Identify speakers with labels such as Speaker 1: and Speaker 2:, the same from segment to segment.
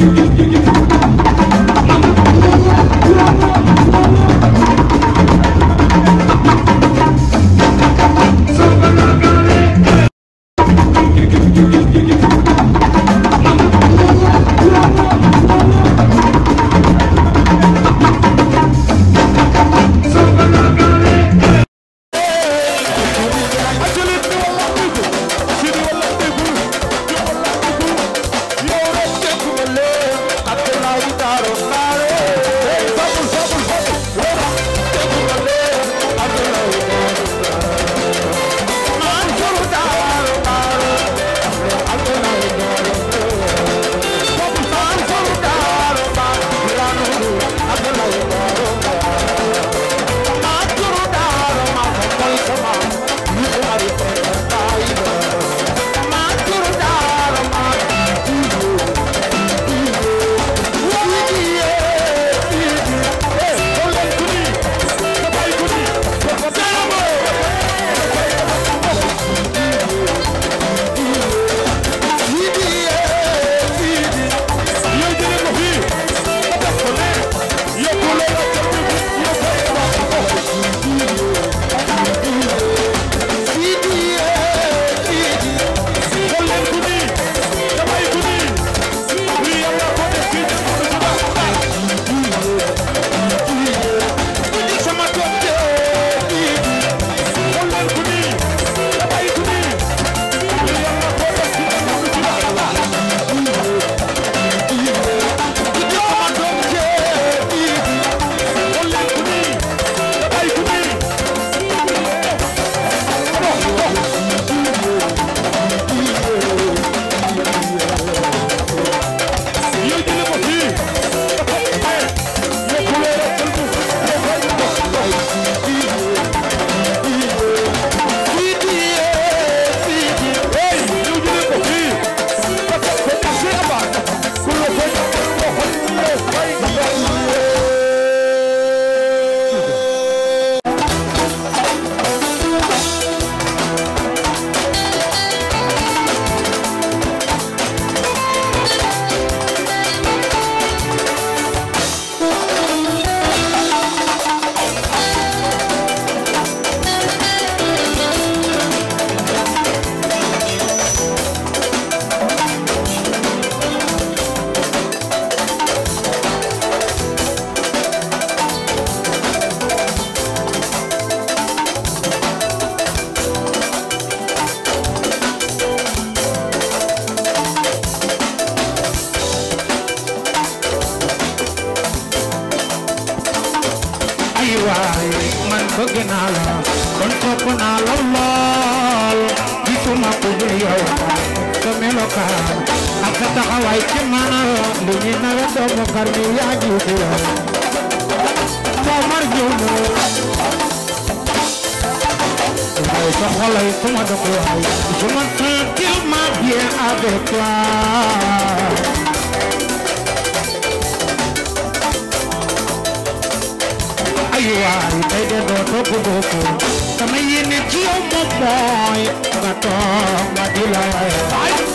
Speaker 1: Thank you. لا إله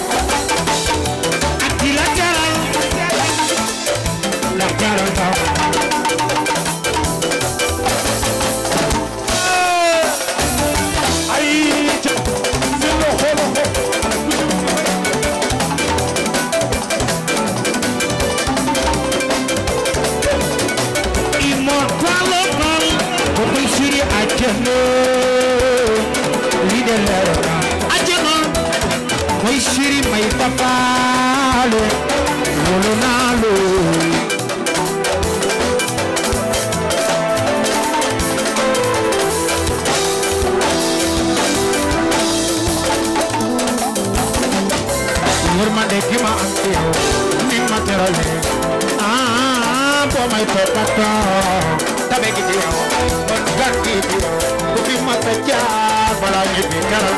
Speaker 1: bu fi masa jaar balaa ñibbi karal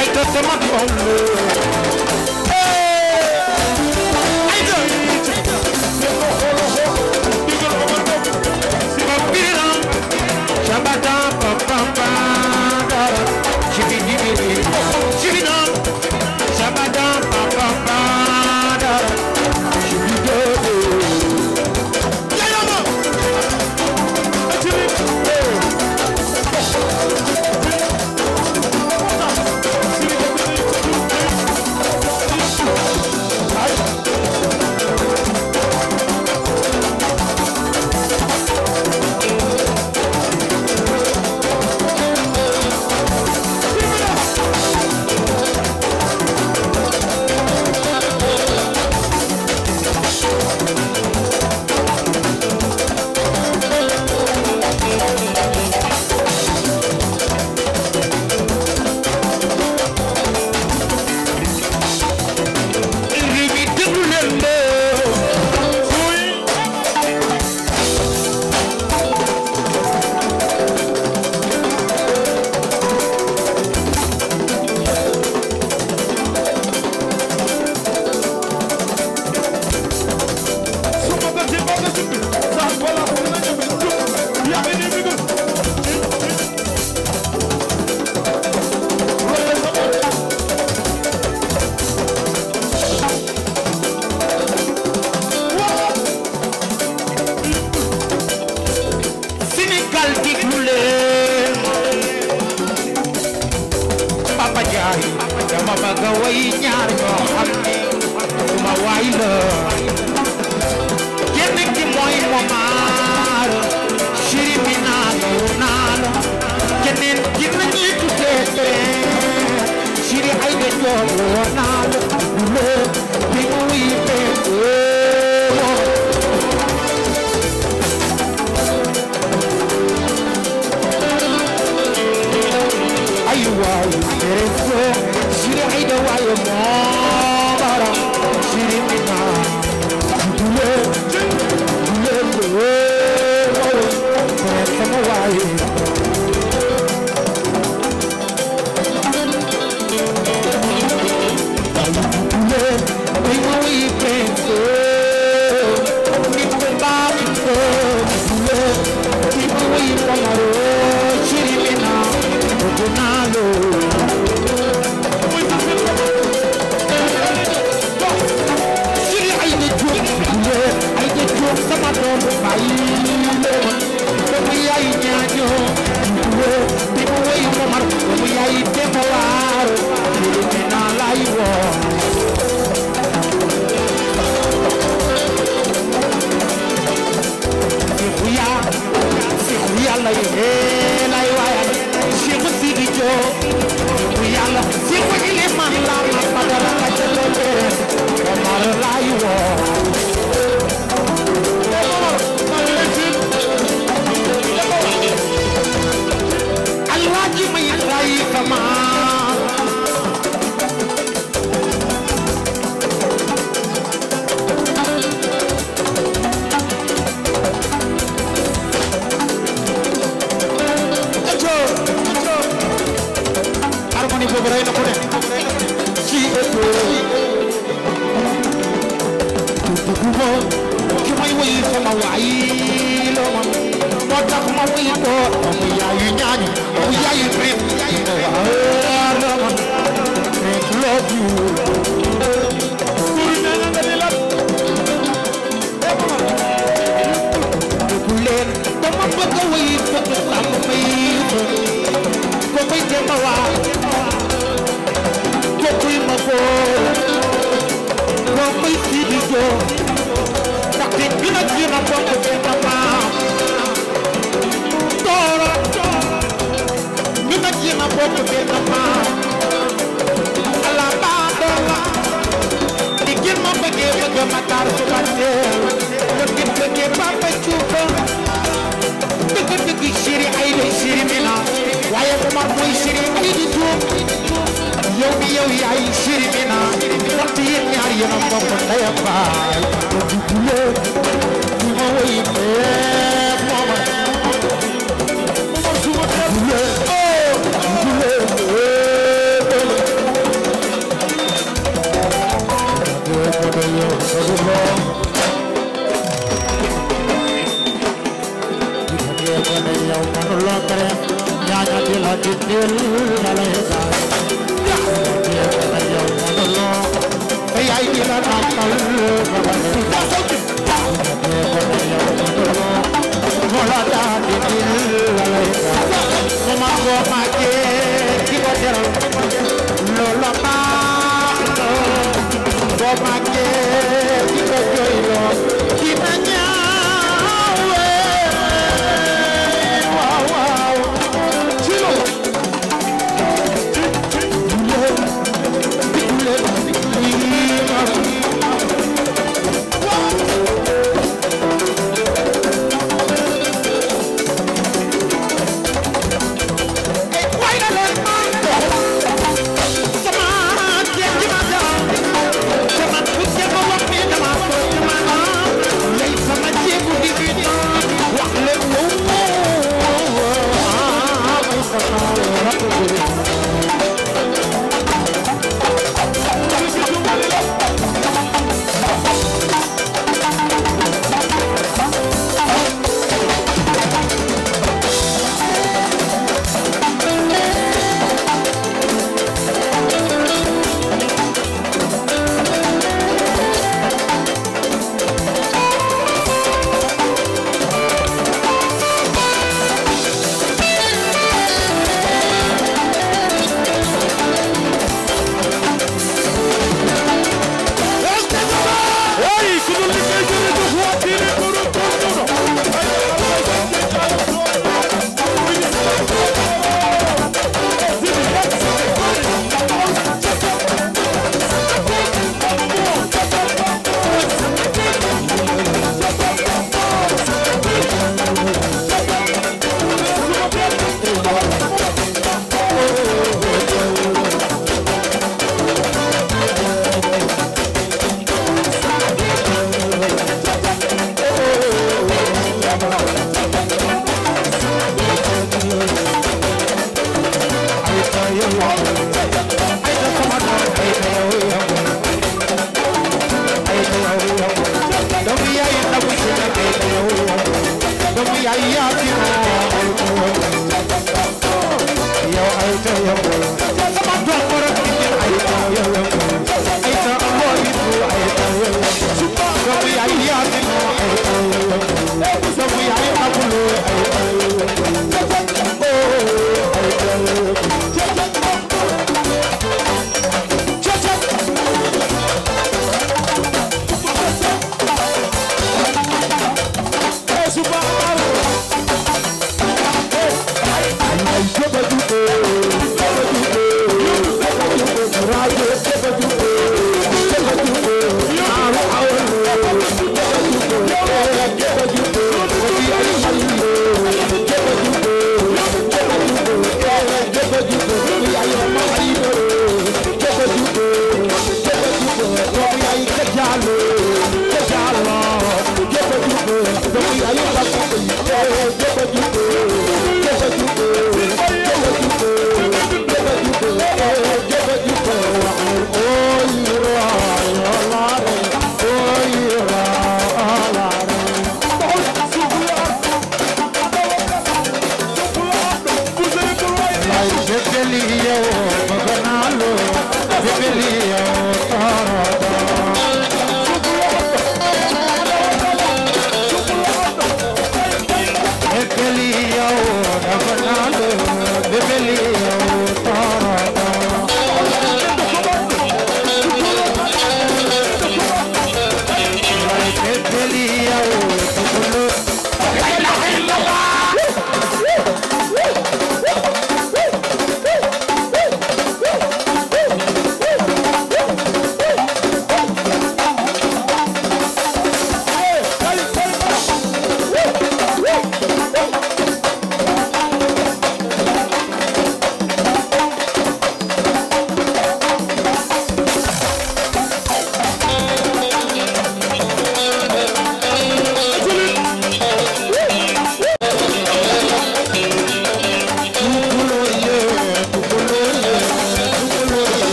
Speaker 1: ay to sama doom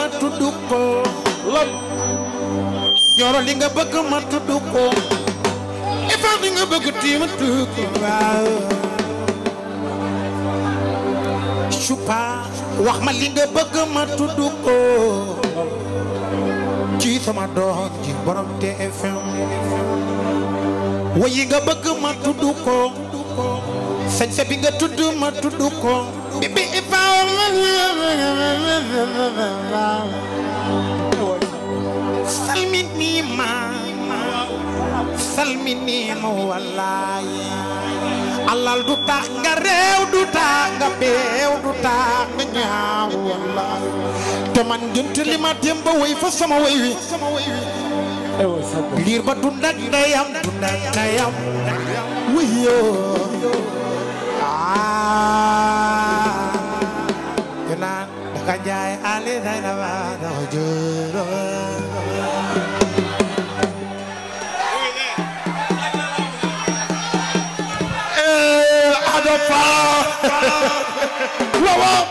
Speaker 1: ma tudd ko li nga bëgg ma tudd ko Ifan li nga bëgg ti ma tudd ko wax ma li nga bëgg ma tudd ko ci sama doom ci borom TFM way yi nga bëgg ma tudd ko sañse bi nga tudd ma tudd ko bibi salminima salminima wallaay alal du tax nga beew du ñaaw te man ngént li ma démb way fa sama way wi liir ba dundak ndeyam dundak ndeyam wuyoo Ganjaay Ali Dynaba dafa jëloon. Eh, Adama. waaw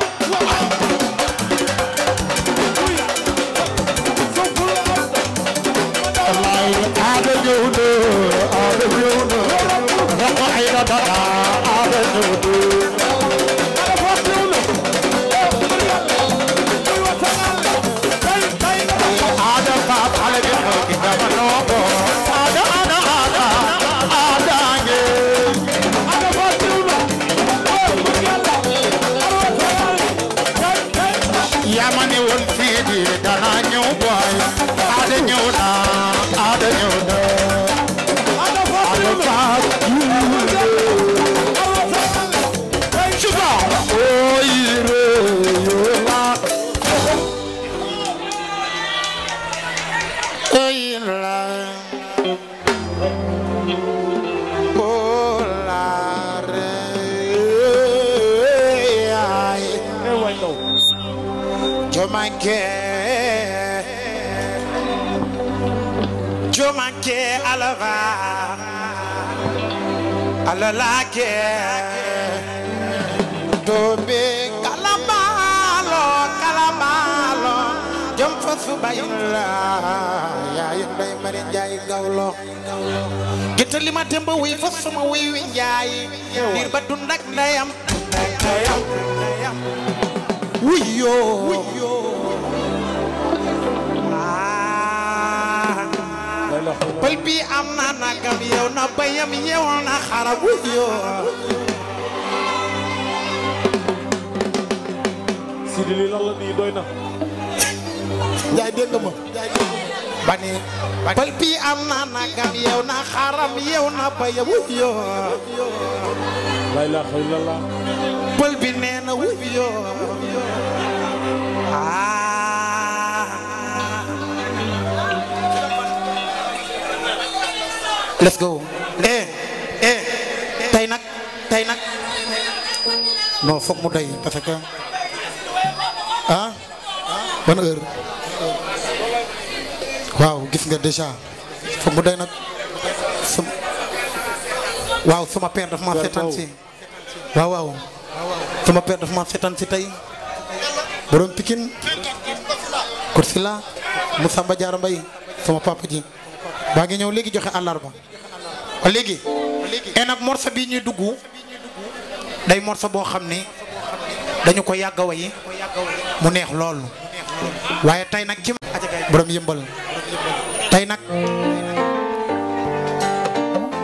Speaker 1: gawlo géttali ma démb wuy fa sama wuy wi njaay liir ba dund ak ndeyam wuy ah. pël bi am na nagam yeew na bayam yeew na xarab wuy yoo Sidi nii doy na njaay dégg ma bani pël bi am na nagam yew na xaram yew na ba ya wub yo la ilaha illallah pël bi nee na wub yo ah let's go eh eh tey nag tey nag mu doy parce que ah, ah ban gis nga déjà fa mu doy nag waaw sama père daf ma seetaan si waaw waaw sama père daf ma seetaan si tey borom Pikine mu Moussa Mba Diarra Mbaye sama papa ji baa ngi ñëw léegi joxe àllarba ba léegi et nag morceau ñuy dugg day morceau boo xam ni dañu ko yàgg a mu neex lool waaye tey nag ci borom yëmbal tey nag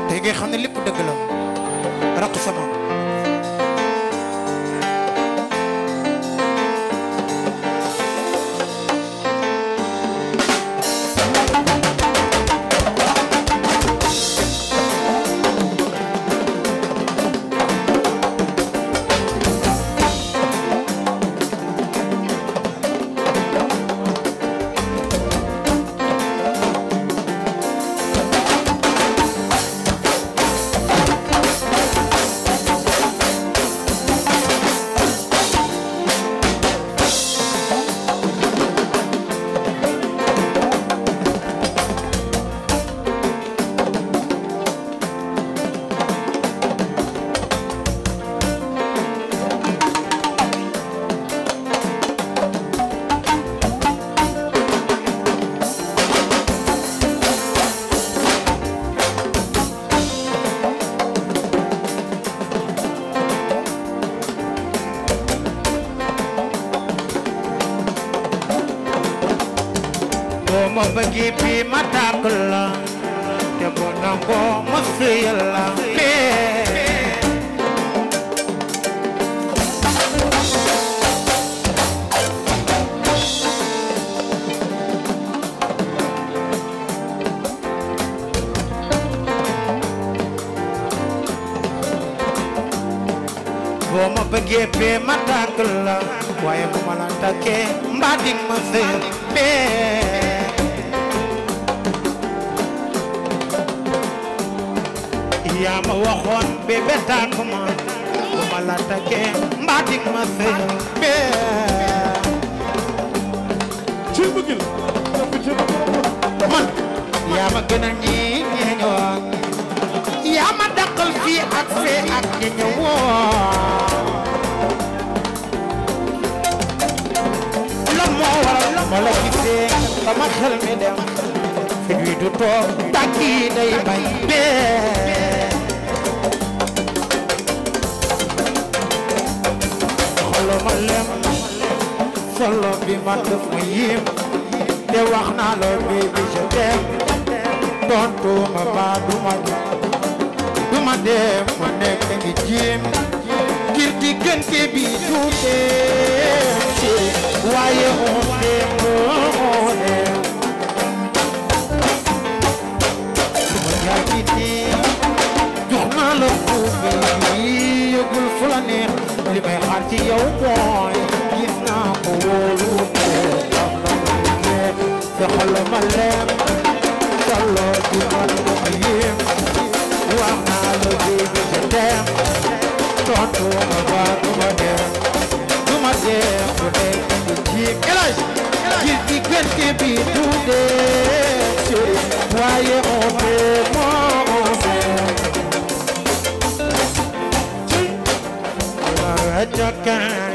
Speaker 1: tey ngay xam ne lépp dëgg la raq sama bagi bi matak la te bo nangoo ma la boo ma bëggee pee ma tàgg la waaye bu ma la tàggee mbaa di ma pee yaa ma waxoon bébé tàgguma bu ma la takkee mbaa ma sëy bee man yaa ma gën a ñeeñoo yaa ma dàqal fii ak fee ak ñeeñoo la moo waral ma la gisee sama xel mi dem fi du toog tàkki day bay bee solo ma lem bi man def ma te wax naa la baby je t'aime tontuma ba duma duma dem ma nekk ngi jéem ngir diggante bi juute waaye on dem on dem suma yaay gi la ko baby yëgul fu li may xaar ci yow mooy gis naa ko wóolu ko am na ma nekk fexal ma leen tolloo ci man ma yéem wax naa la baby je t'aime tontu ma ba du ma dem du ma dem ku nekk ci jiig elaj gis diggante bi du dee waaye on peut rakkaan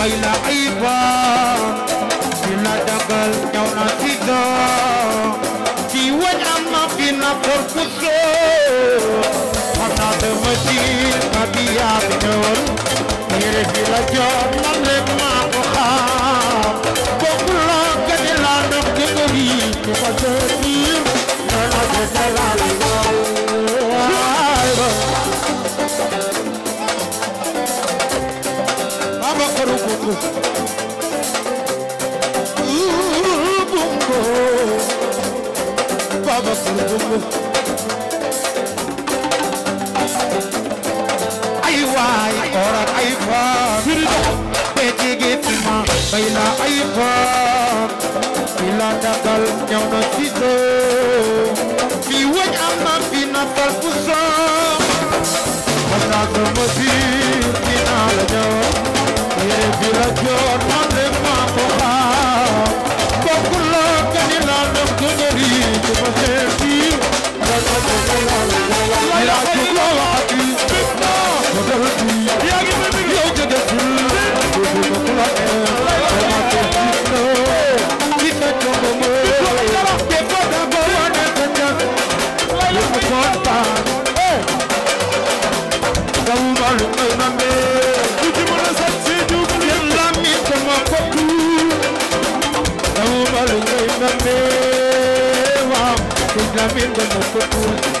Speaker 1: bay na ayba dina dagal ñaw na ci doom ci wañ am na fi na for ku soo xam naa dama ci ma bi yaa ñëwoon yére bi la jot man leen ma ay waay orak ay faam bee jege fi ma bay la ay faam fi la dagal ñëw na ci soo fi wëj am na fi na fal fu soo mas naa sama fi fi naa la ñëw yére bi la joor man de maa ko xaar Thank you.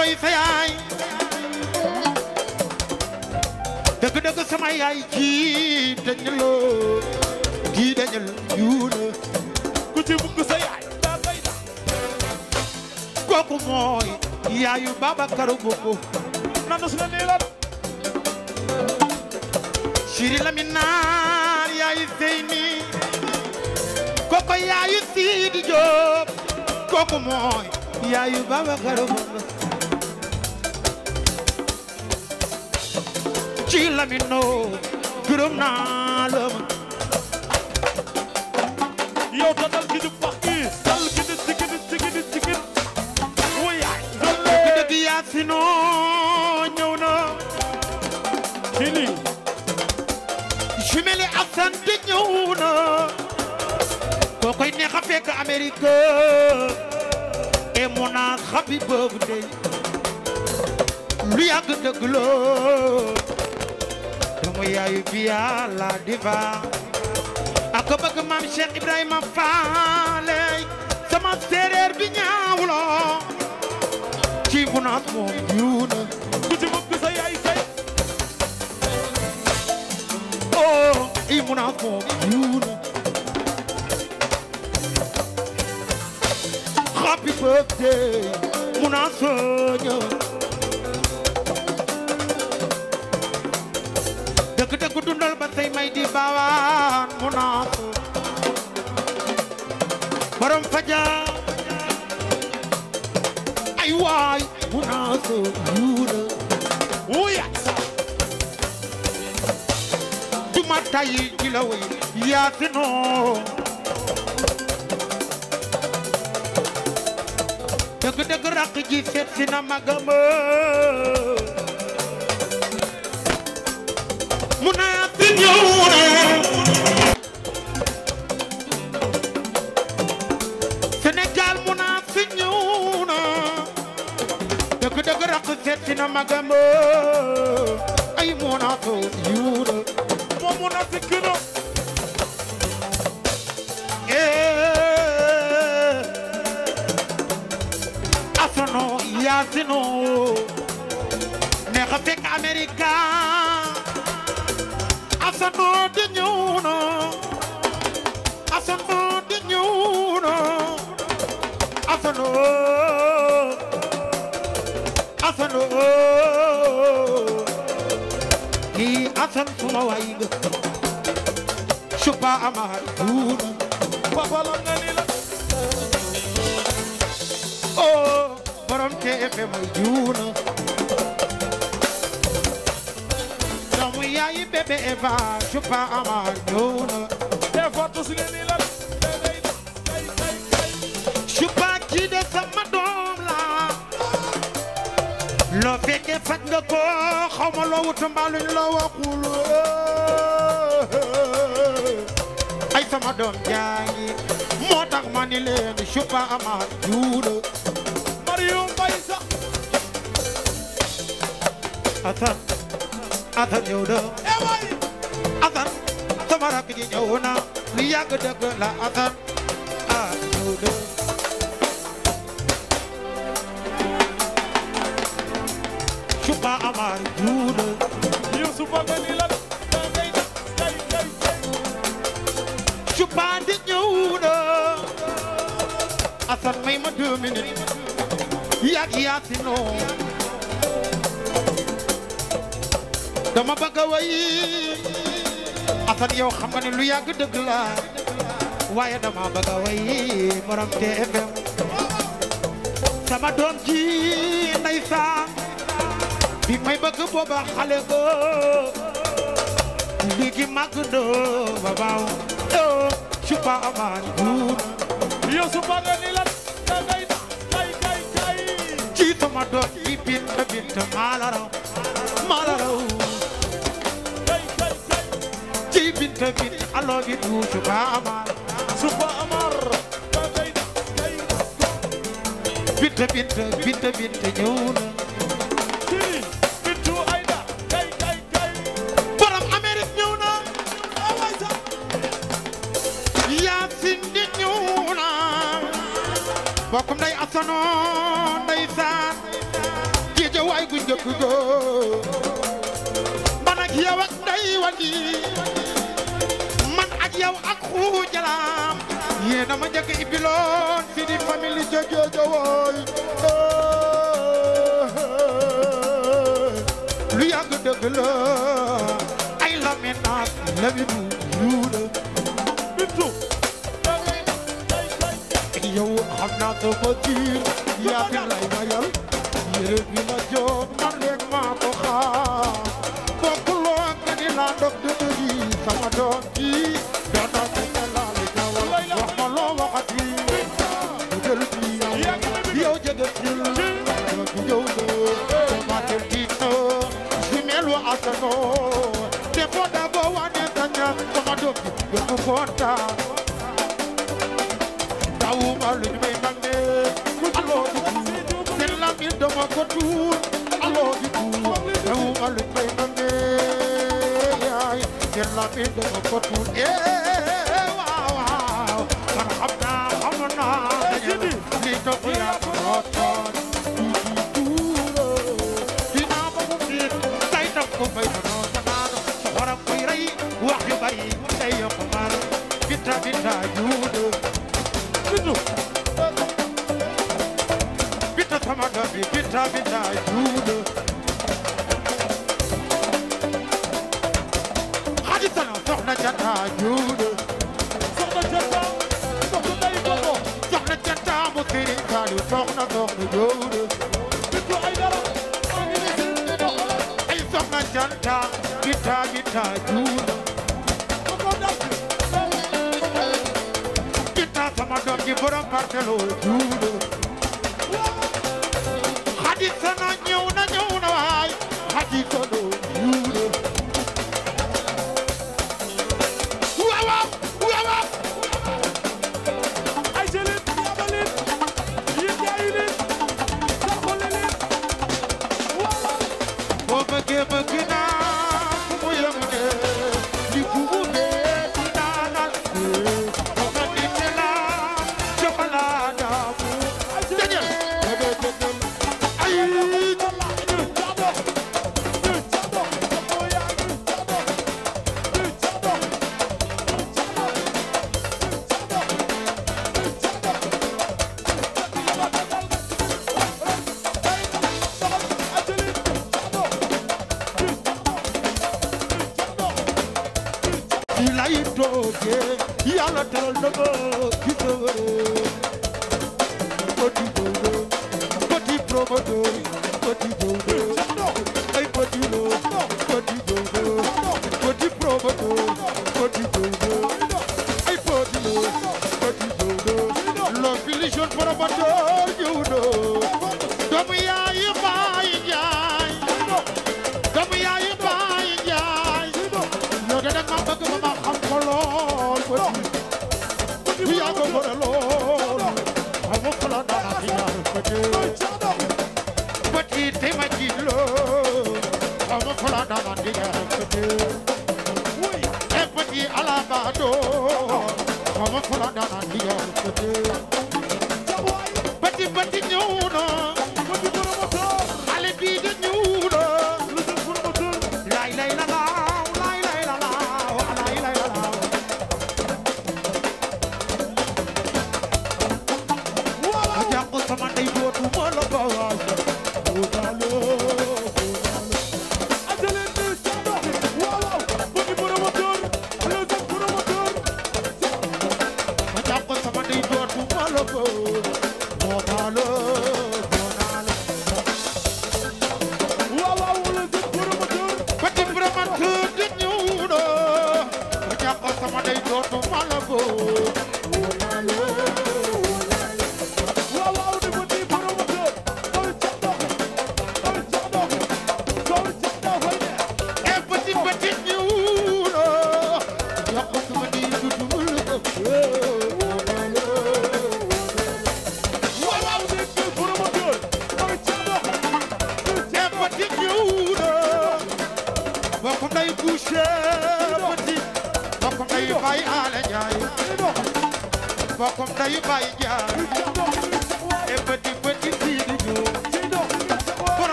Speaker 1: looy sa yaay dëgg dëgg sama yaay kii dañu loo kii dañu yuuna ku ci bugg sa yaay daa fay da kooku mooy yaayu Babacar Boko nanu su la neelan Siri Laminaar yaayu Seyni kooku yaayu Sidi Diop kooku mooy yaayu Babacar Boko ci laminoo gërëm naa la ma yow ta dal ki jub wax ki dal ki nit ci ki nit ñëw na kili jumeli absan di ñëw na koo koy neex a fekk Amérique e mu naa xabi dey lu yàgg dëgg loo ko yaayu biya la diva ak bëgg maam Cheikh Ibrahima Faale sama séeréer bi ñaawloo ci bu naat moom yuuna ku ci bëgg sa yaay say oh i bu naat moom yuuna happy birthday mu naat sooña tey may di baawaan mu naafu borom faja ay waay mu naafu yuuna wuya oh, juma tayi jilawe yaasino dëgg dëgg rakk ji seet si na magama magamo ay munaafiq yuuna moo munaafiq matan fula wayga cupa amar duuna oh, babala nganila o borom teefe may juuna doomu yaayi bebe eva cupa amar ñoona te fotus nganila soo fekkee faj nga ko xaw ma loo wut mbaa luñ la waxul ay sama doom jaangi moo tax ma ni leen suba amaat juuda Mariam Mbaye sax Assane Assane ñëw na eway eh Assane sama rakk ji ñëw na lu yàgg dëgg la Assane ah ñëw na dama bëgg a way Assane yow xam nga ne lu yàgg dëgg la waaye dama bëgg a way borom TFM sama doom ji ndeysaan bi may bëgg booba xale ko léegi màgg ndoo ba baaw yoo supa amaan buur yoo supa nga ni la dangay kay kay kay jiitu ma doon yi bint bint maa raw maa la raw ji bint bint aloo gi du supa amaan supa amaan dangay kay kay bint bint bint bint ñëw na ak góor man ak yow ak ndey wandi man ak yow ak xuu jalaam yéena ma njëkk ibiloon fi di famille jojo jowooy lu yàgg dëgg la ay laminaat lamin yuuda bintu yow xam naa ko ba tiir yaa fi lay mayal yére bi ko ko Barcelona.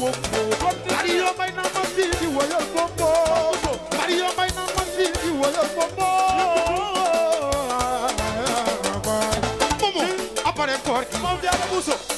Speaker 1: Momo, apare corchi. Momo, diablo, buso.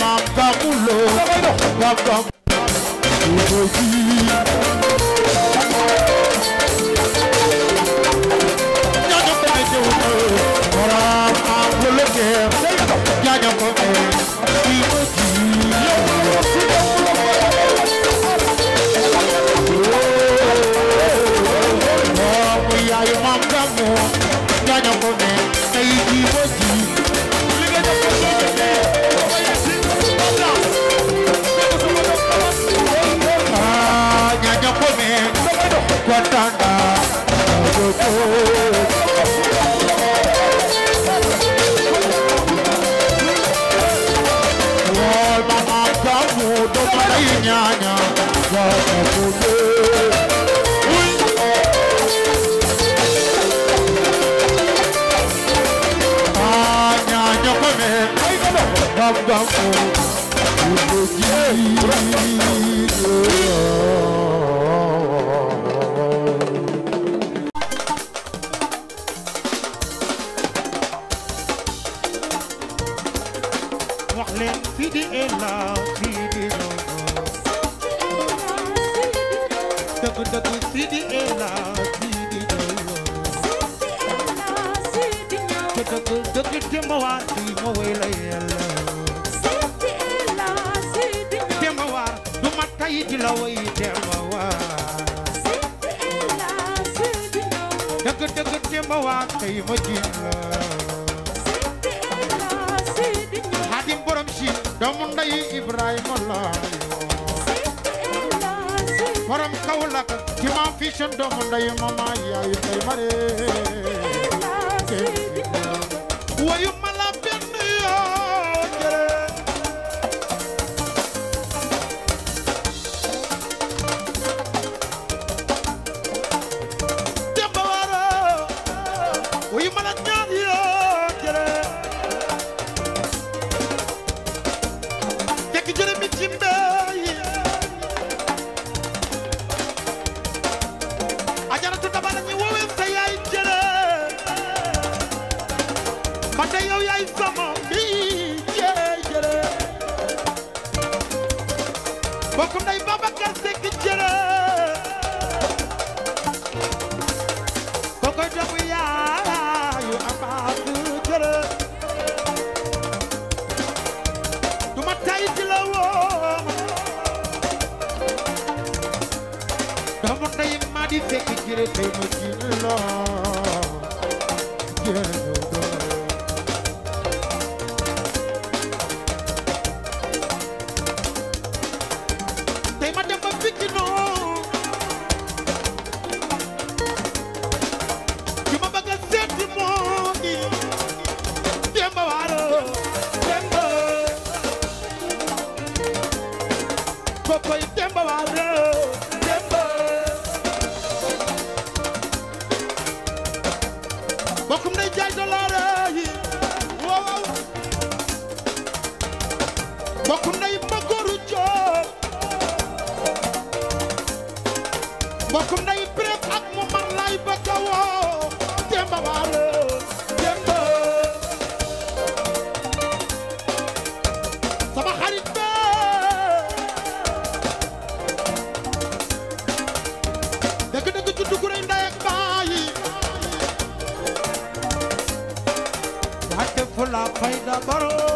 Speaker 1: maam Bamba Lo ma jiin la xaadim borom si doomu ndeyi Ibrahima la borom Kaolack ci maam fii seen doomu ndeyi mama yaay tay mare bokkum nay prep ak mu mar lay ba tawoo Demba Waalo Demba sama xarit ba dëgg dëgg juddu gu rëy ndey ak baayi wàcce fu la fayda baroo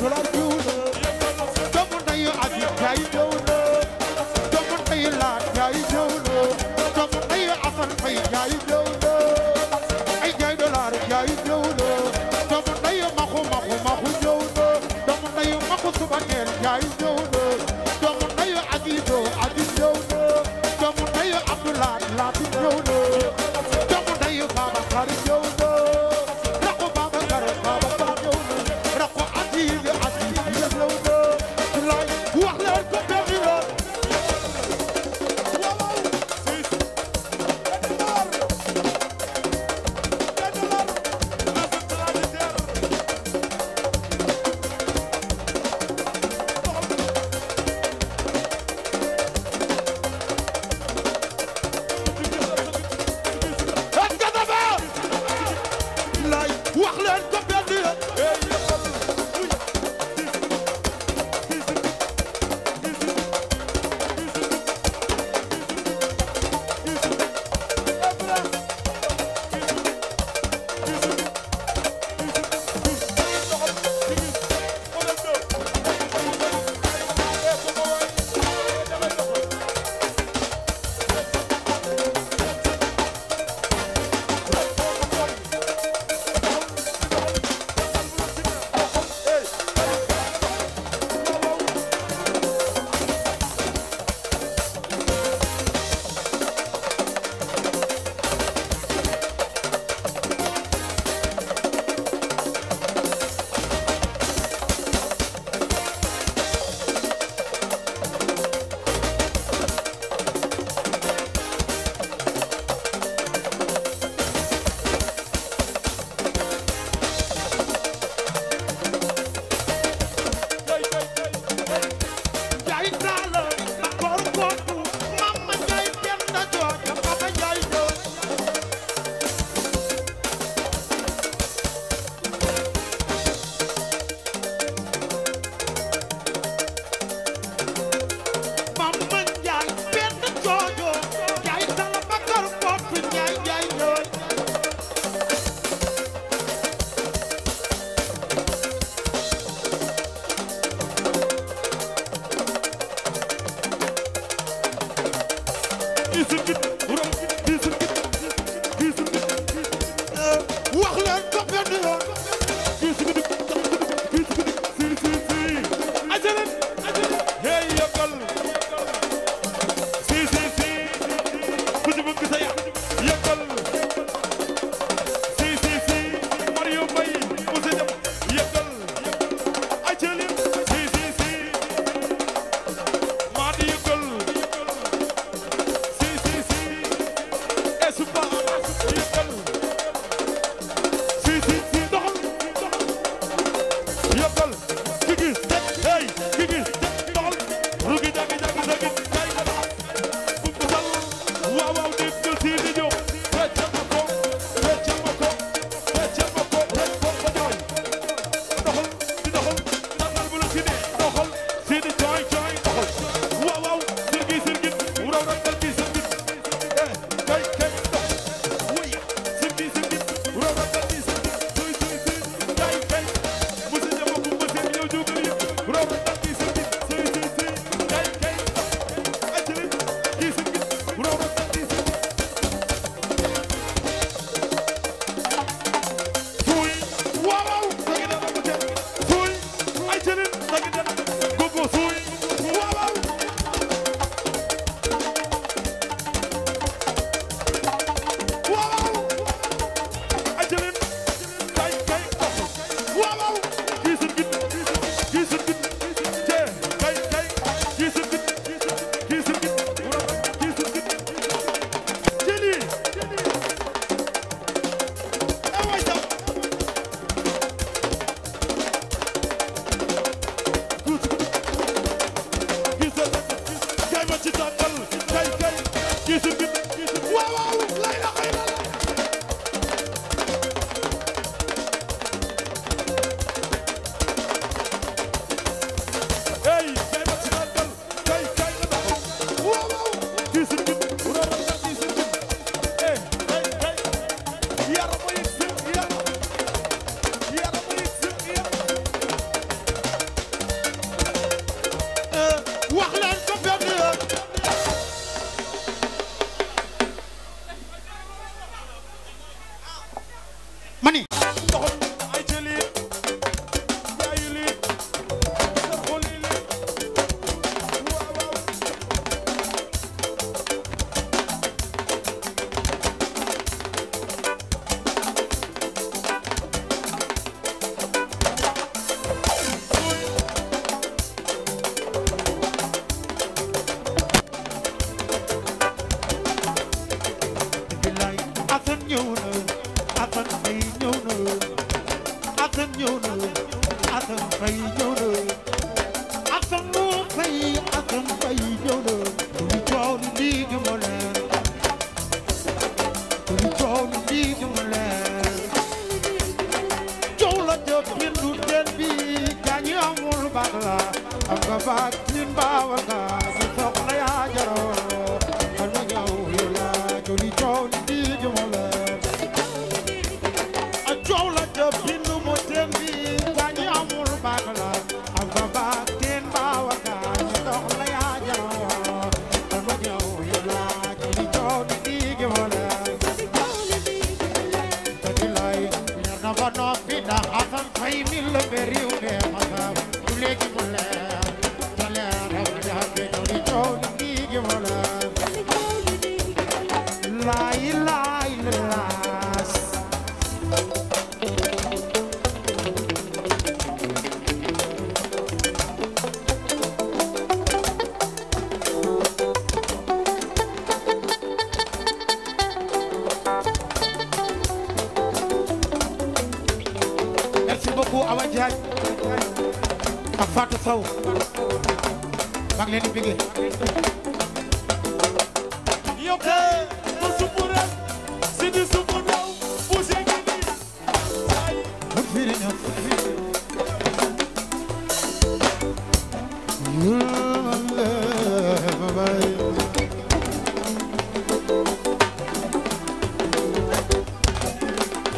Speaker 1: Voilà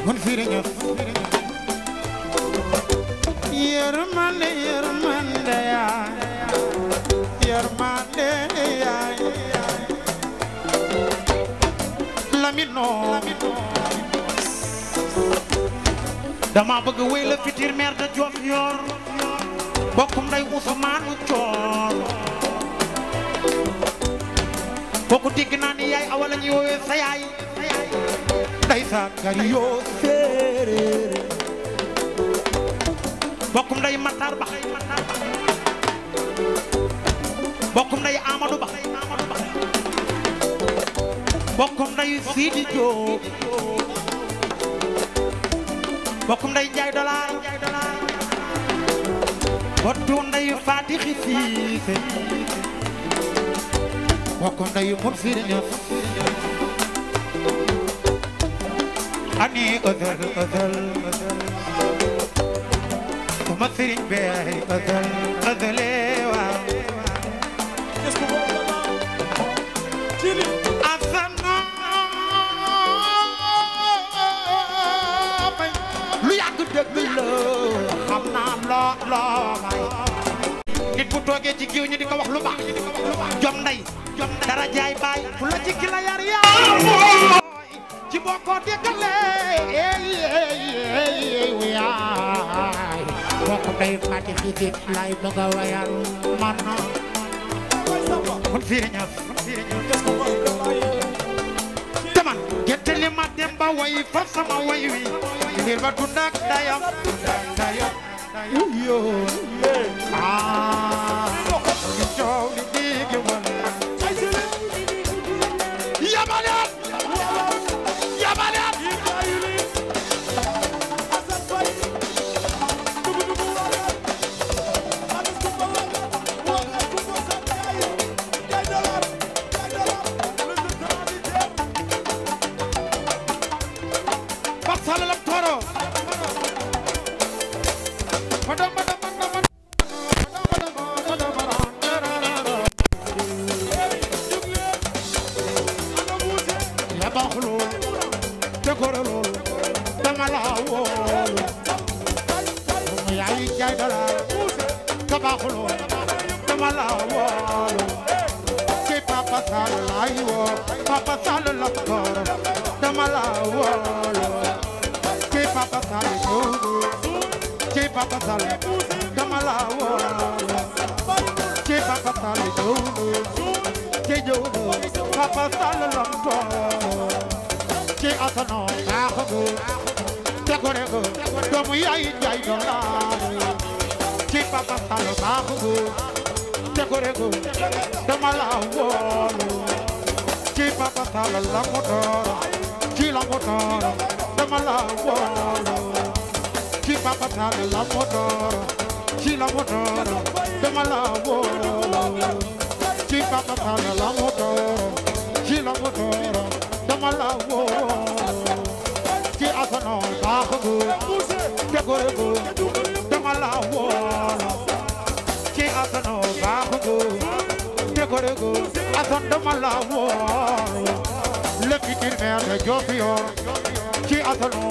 Speaker 1: hun fiire ñëf yërmande yërmande yaa yërmande yaa laminoo dama bëgg wéy la fitir maire de Diof bokkum nday Ousmane Coor kooku dégg naa ni yaay awa la ñuy woowee sa yaay ndeysaan kari yoo séeréer bokkum nday Matar Ba bokkum nday Amadou bokkum nday Sidi Diop bokkum nday Njaay Dollar bottu أني أذل أذل أذل ومثل بيعي أذل lu yàgg dëgg la xam loo loo may nit bu toogee ci giw ñu di ko lu baax jom ndey dara jaay baay fu la ci ki la yar ko déggalee eey waay bokk day fàtte fii di laay bëgg a wayal man mun fiiriñal mun fiiriñal taman jettali ma demba way fa sama way wi ngir ba dundak dayam dayam yoo aa tegorego asan dama la wooy le pitir meer de Diofior ci asanu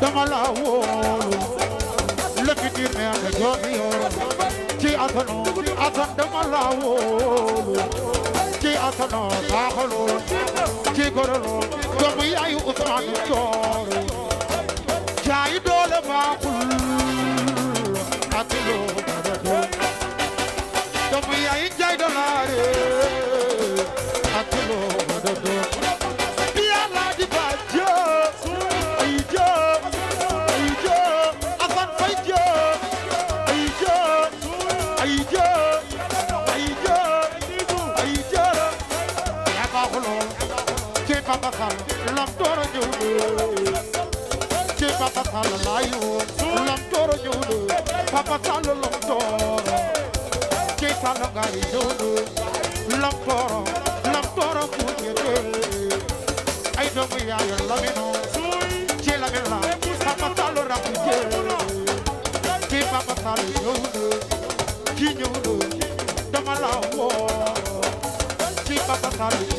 Speaker 1: dama la woolu le pitir meer de ci asanu asan dama la woolu ci ci gorolo doole baaxul atilo tàll lamtooro ci tàll ngay joonu lamtooro lamtooro ku jëte ci la papa tàll rakku ci papa tàll ñëwnu la woo ci papa tàll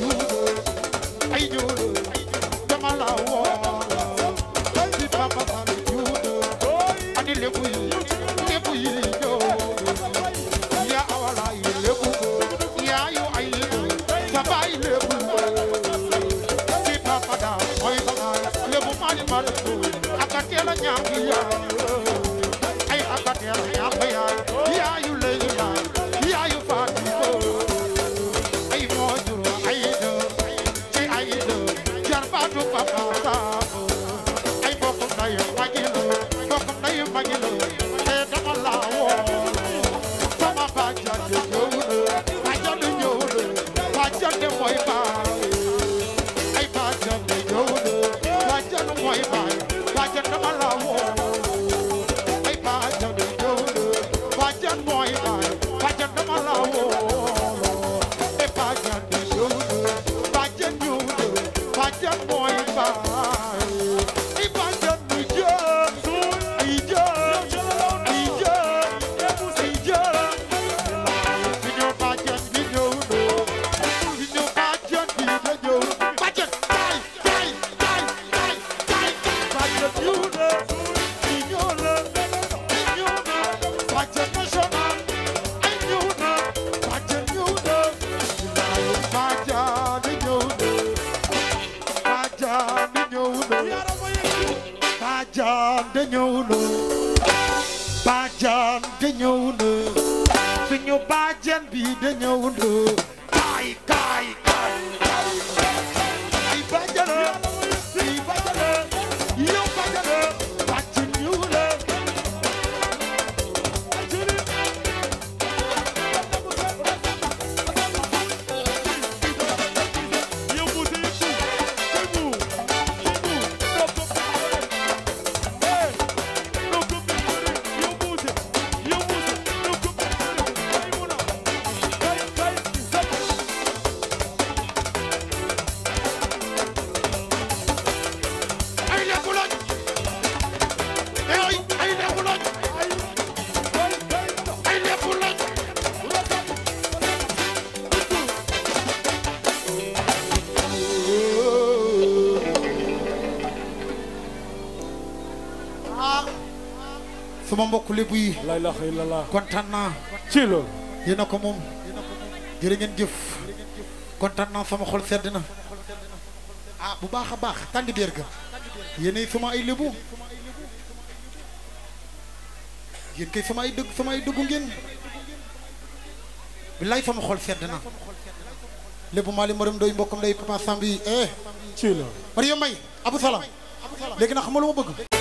Speaker 1: sama mbokk lébu yi la ilaha illallah kontaan naa ci ko moom jërë ngeen jëf kontaan naa sama xol sedd na ah bu baax a baax tàndi beer ga yéenay sama ay lébu yéen kay ay dëgg sama ay dëggu ngeen billaay sama xol sedd na lébu maa li maram doy mbokkam day papa sambi eh ci loolu Mariam May Abou Salam léegi na xam lu ma bëgg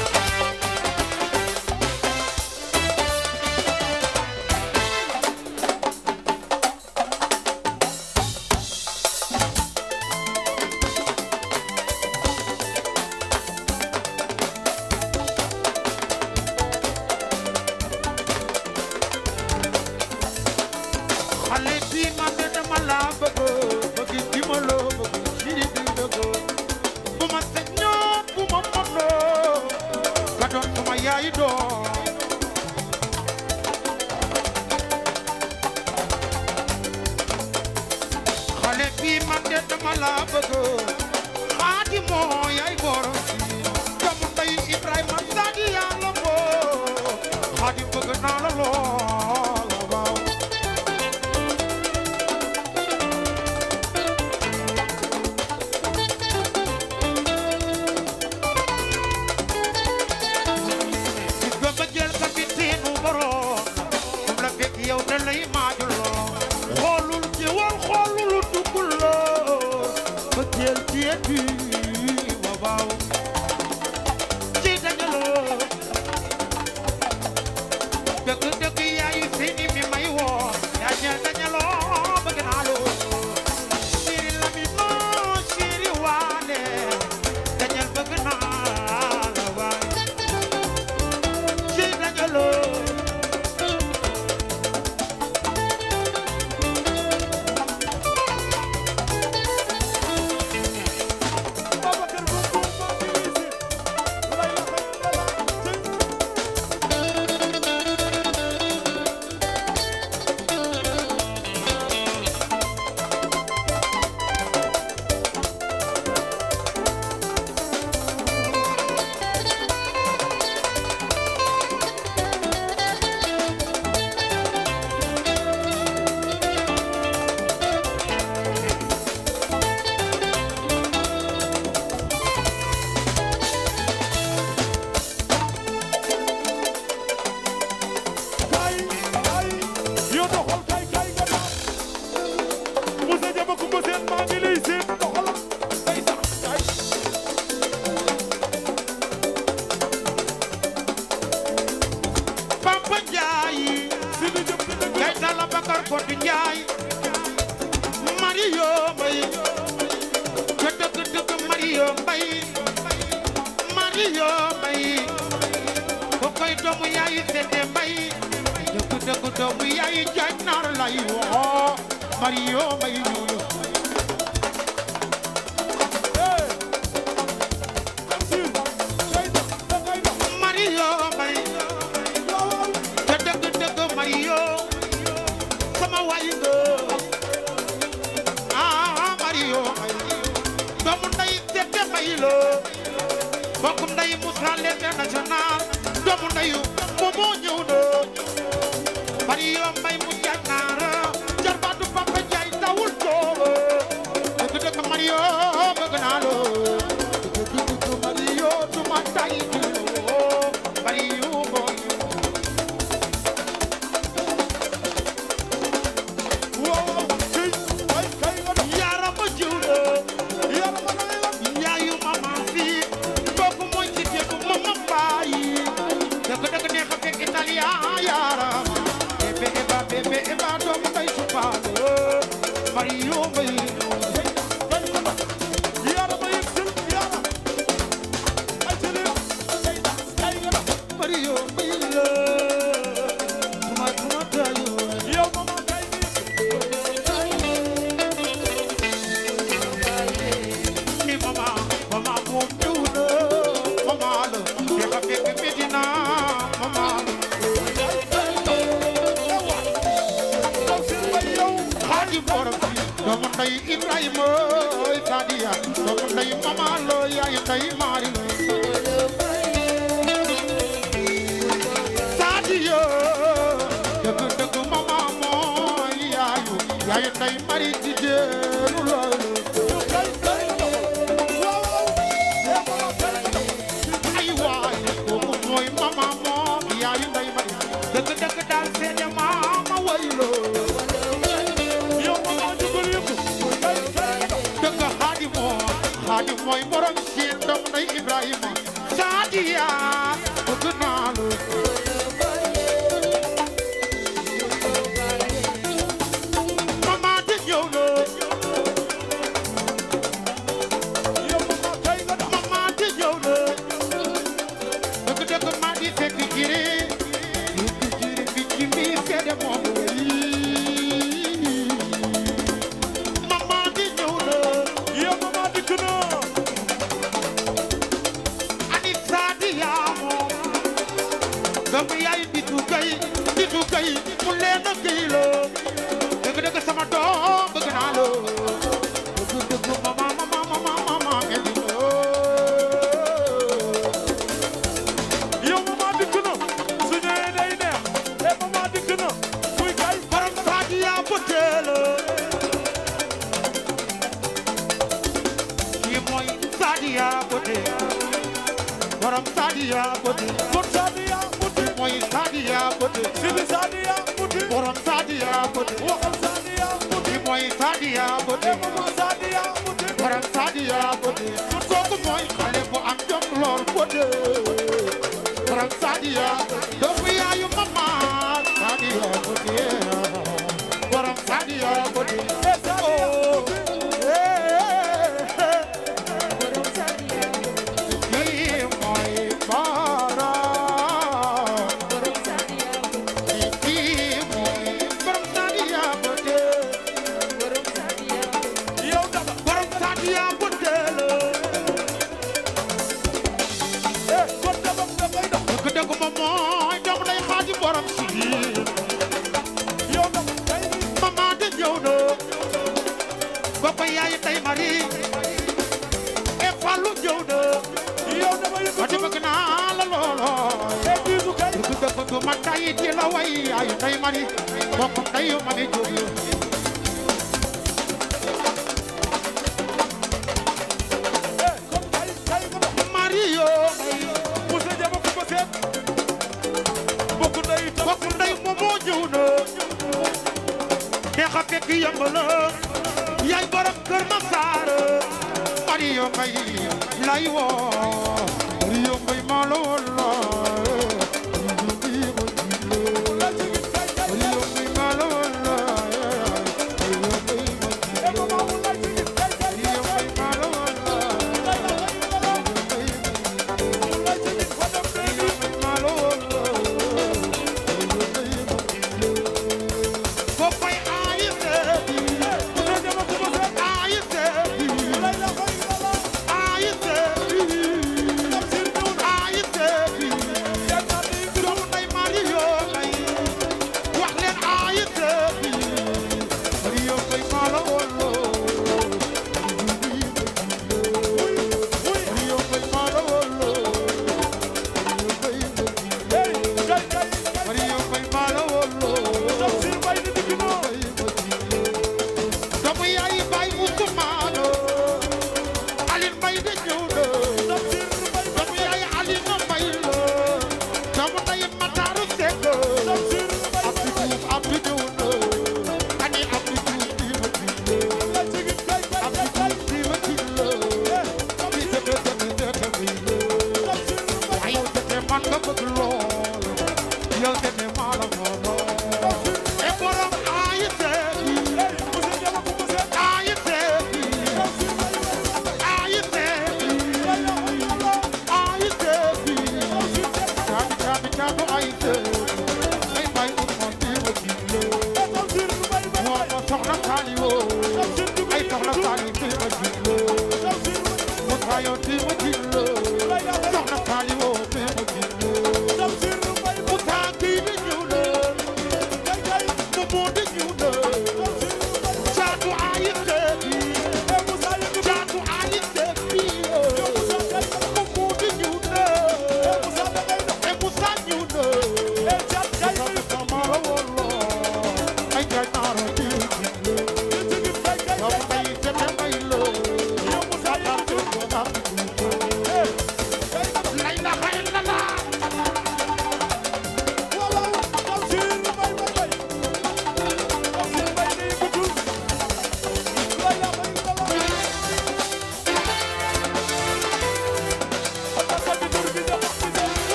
Speaker 1: ma tayi di la way ayu tay mari bokk tayu mari jóg fekk yëmbal yaay borom ma saar bari yo lay woo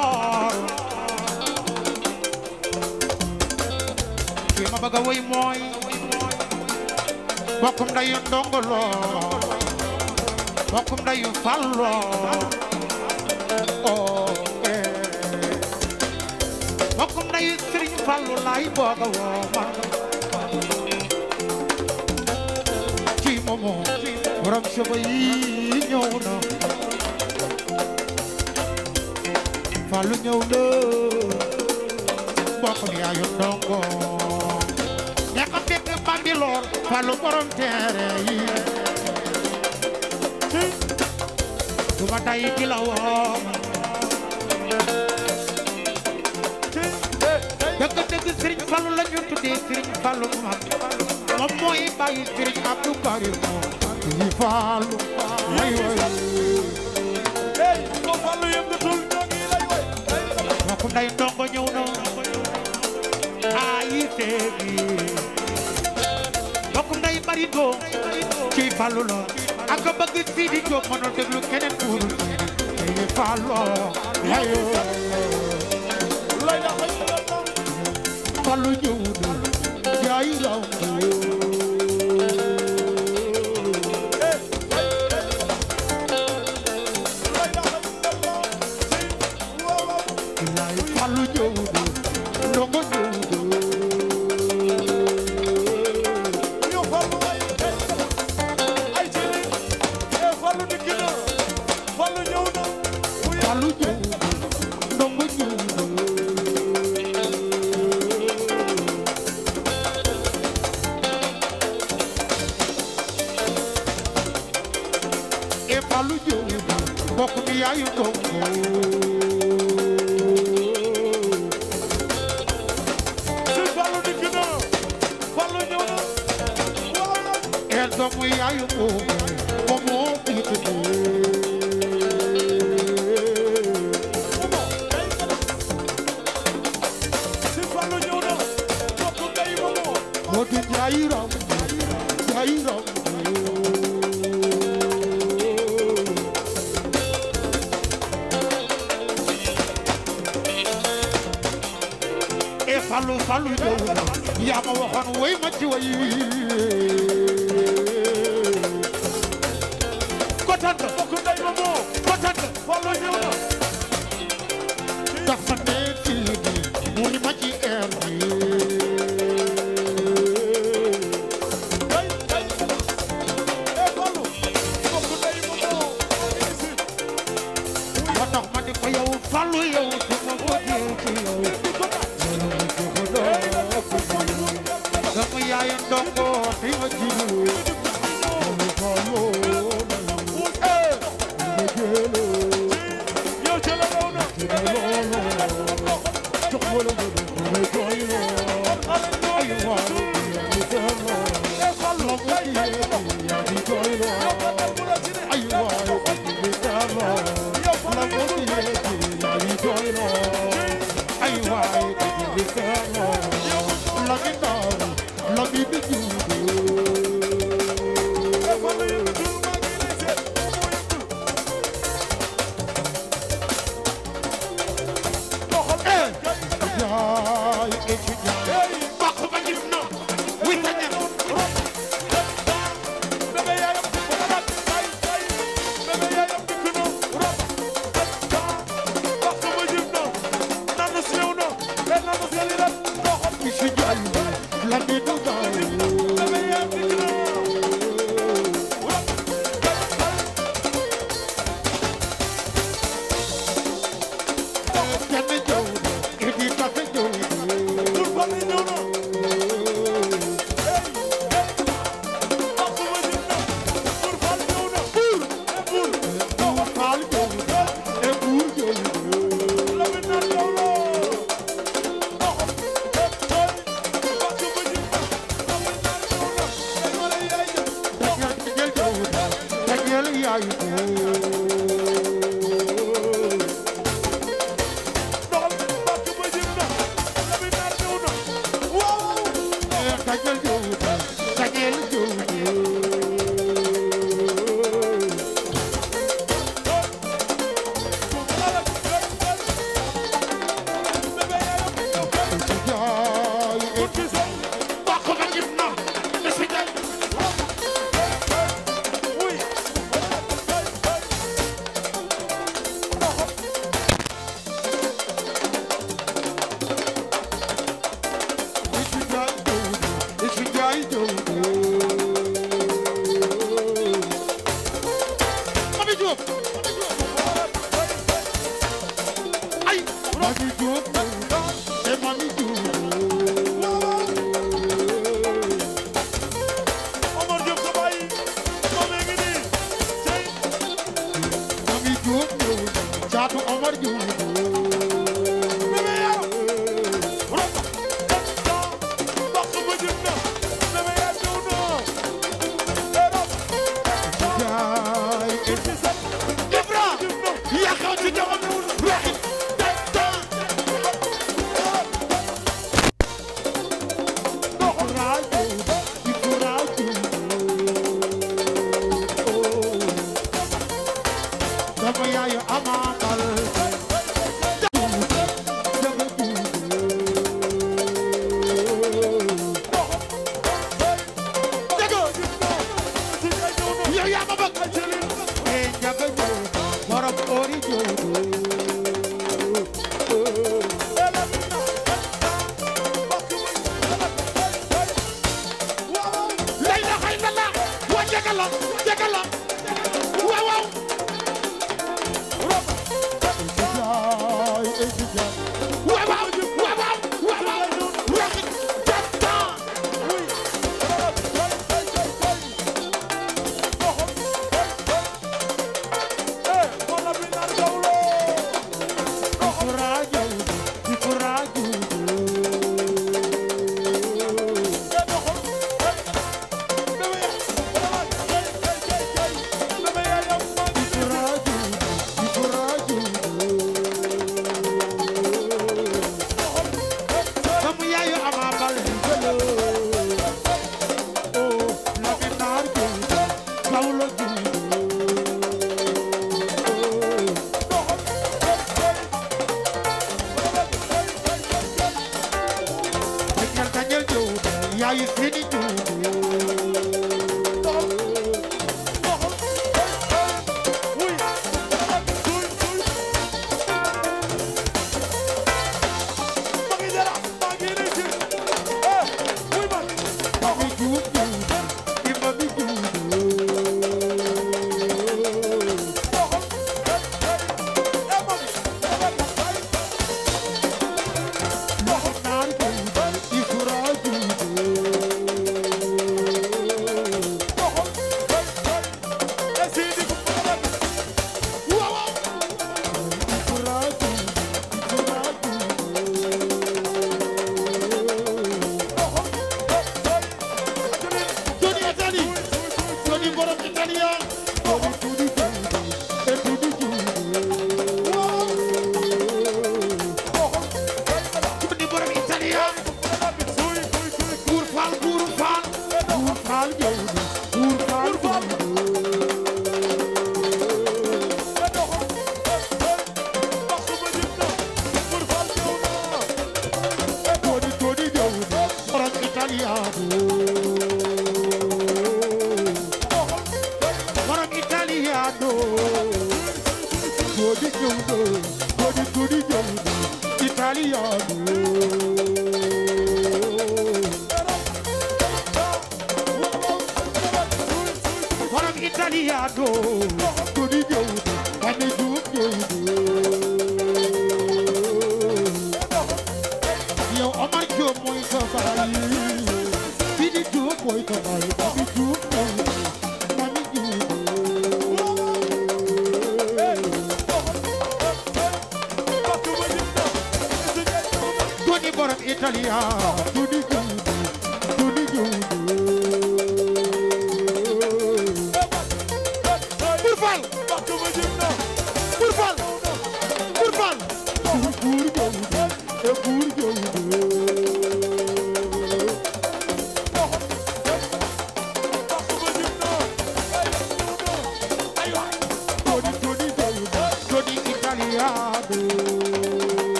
Speaker 1: door ki ma bëgg a woy mooy bokkum dayu ndongolo bokkum dayu fallo oo oh, ee eh. bokkum dayu sëriñ fallu lay bëgg a woo man ci moomoo borom sobo yi ñëw na Fallou ñëw na mbokk mi ayu ndongo nga xam dégg Bambilor Fallou borom teere yi hm. du ma tay di la woo hm. dëgg dëgg Serigne Fallou la ñu tuddee Serigne Fallou ma moom mooy bàyyi Serigne Abdou Karim moom Fallou may way nday ndongo ñëw na ayi teegi bokk nday bari go ci Fallou Lo ak bëgg Sidi Diop mënul déglu keneen pour ci Fallou ayo lay da Fallou ñëw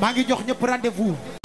Speaker 1: maa ngi jox ñëpp rendez-vous